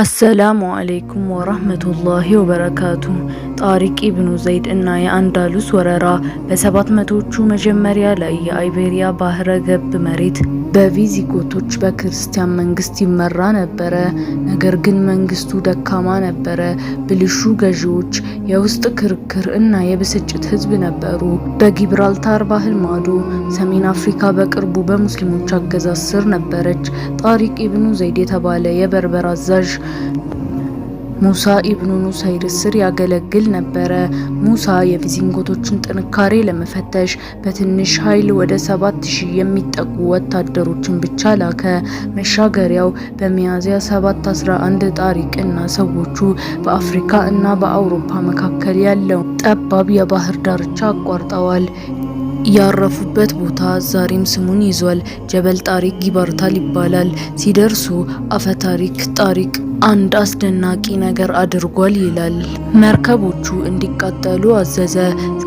አሰላሙ አለይኩም ወራህመቱላሂ ወበረካቱ። ጣሪቅ ኢብኑ ዘይድ እና የአንዳሉስ ወረራ በሰባት መቶዎቹ መጀመሪያ ላይ የአይቤሪያ ባህረ ገብ መሬት በቪዚጎቶች በክርስቲያን መንግስት ይመራ ነበረ። ነገር ግን መንግስቱ ደካማ ነበረ። ብልሹ ገዢዎች፣ የውስጥ ክርክር እና የብስጭት ህዝብ ነበሩ። በጊብራልታር ባህር ማዶ ሰሜን አፍሪካ በቅርቡ በሙስሊሞች አገዛዝ ስር ነበረች። ጣሪቅ ኢብኑ ዘይድ የተባለ የበርበር አዛዥ ሙሳ ኢብኑ ኑሰይር ስር ያገለግል ነበረ። ሙሳ የቪዚንጎቶችን ጥንካሬ ለመፈተሽ በትንሽ ኃይል ወደ ሰባት የሚጠጉ ወታደሮችን ብቻ ላከ። መሻገሪያው በሚያዝያ 7 11 ጣሪቅ እና ሰዎቹ በአፍሪካ እና በአውሮፓ መካከል ያለው ጠባብ የባህር ዳርቻ አቋርጠዋል። ያረፉበት ቦታ ዛሬም ስሙን ይዟል። ጀበል ጣሪክ ጊባርታል ይባላል። ሲደርሱ አፈ ታሪክ አንድ አስደናቂ ነገር አድርጓል ይላል። መርከቦቹ እንዲቃጠሉ አዘዘ።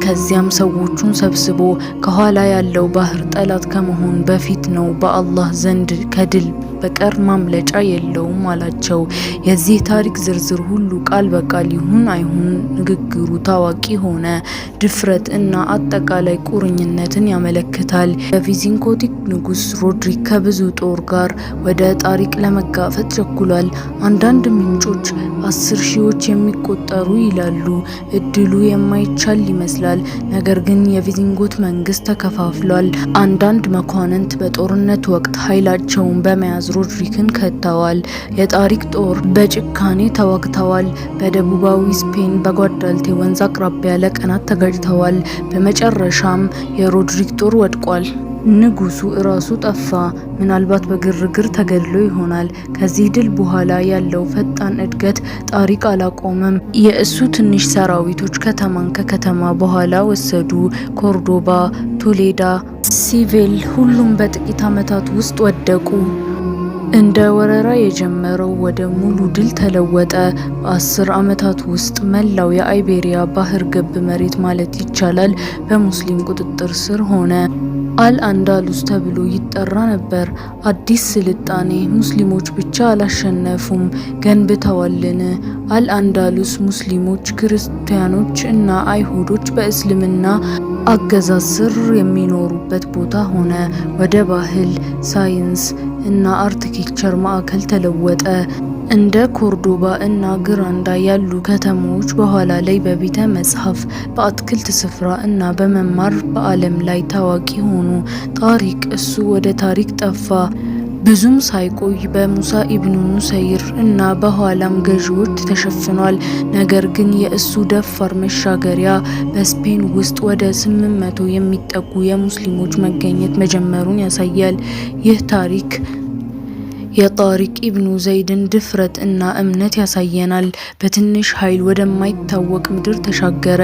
ከዚያም ሰዎቹን ሰብስቦ ከኋላ ያለው ባህር ጠላት ከመሆን በፊት ነው፣ በአላህ ዘንድ ከድል በቀር ማምለጫ የለውም አላቸው። የዚህ ታሪክ ዝርዝር ሁሉ ቃል በቃል ይሁን አይሁን ንግግሩ ታዋቂ ሆነ። ድፍረት እና አጠቃላይ ቁርኝነትን ያመለክታል። የቪዚንኮቲክ ንጉስ ሮድሪክ ከብዙ ጦር ጋር ወደ ታሪክ ለመጋፈጥ ቸኩሏል። አንዳንድ ምንጮች አስር ሺዎች የሚቆጠሩ ይላሉ። እድሉ የማይቻል ይመስላል። ነገር ግን የቪዚንጎት መንግስት ተከፋፍሏል። አንዳንድ መኳንንት በጦርነት ወቅት ኃይላቸውን በመያዝ ሮድሪክን ከተዋል። የጣሪክ ጦር በጭካኔ ተዋግተዋል። በደቡባዊ ስፔን በጓዳልቴ ወንዝ አቅራቢያ ለቀናት ተጋጭተዋል። በመጨረሻም የሮድሪክ ጦር ወድቋል። ንጉሱ እራሱ ጠፋ። ምናልባት በግርግር ተገድሎ ይሆናል። ከዚህ ድል በኋላ ያለው ፈጣን እድገት ጣሪቅ አላቆመም። የእሱ ትንሽ ሰራዊቶች ከተማን ከከተማ በኋላ ወሰዱ። ኮርዶባ፣ ቶሌዳ፣ ሲቪል ሁሉም በጥቂት ዓመታት ውስጥ ወደቁ። እንደ ወረራ የጀመረው ወደ ሙሉ ድል ተለወጠ። በአስር ዓመታት ውስጥ መላው የአይቤሪያ ባህር ገብ መሬት ማለት ይቻላል በሙስሊም ቁጥጥር ስር ሆነ። አል አንዳሉስ ተብሎ ይጠራ ነበር። አዲስ ስልጣኔ ሙስሊሞች ብቻ አላሸነፉም፣ ገንብተዋልን። አልአንዳሉስ ሙስሊሞች፣ ክርስቲያኖች እና አይሁዶች በእስልምና አገዛዝ ስር የሚኖሩበት ቦታ ሆነ። ወደ ባህል፣ ሳይንስ እና አርክቴክቸር ማዕከል ተለወጠ። እንደ ኮርዶባ እና ግራንዳ ያሉ ከተሞች በኋላ ላይ በቤተ መጽሐፍ በአትክልት ስፍራ እና በመማር በዓለም ላይ ታዋቂ ሆኑ። ታሪክ እሱ ወደ ታሪክ ጠፋ። ብዙም ሳይቆይ በሙሳ ኢብኑ ኑሰይር እና በኋላም ገዢዎች ተሸፍኗል። ነገር ግን የእሱ ደፋር መሻገሪያ በስፔን ውስጥ ወደ 800 የሚጠጉ የሙስሊሞች መገኘት መጀመሩን ያሳያል። ይህ ታሪክ የጣሪቅ ኢብኑ ዘይድን ድፍረት እና እምነት ያሳየናል። በትንሽ ኃይል ወደማይታወቅ ምድር ተሻገረ።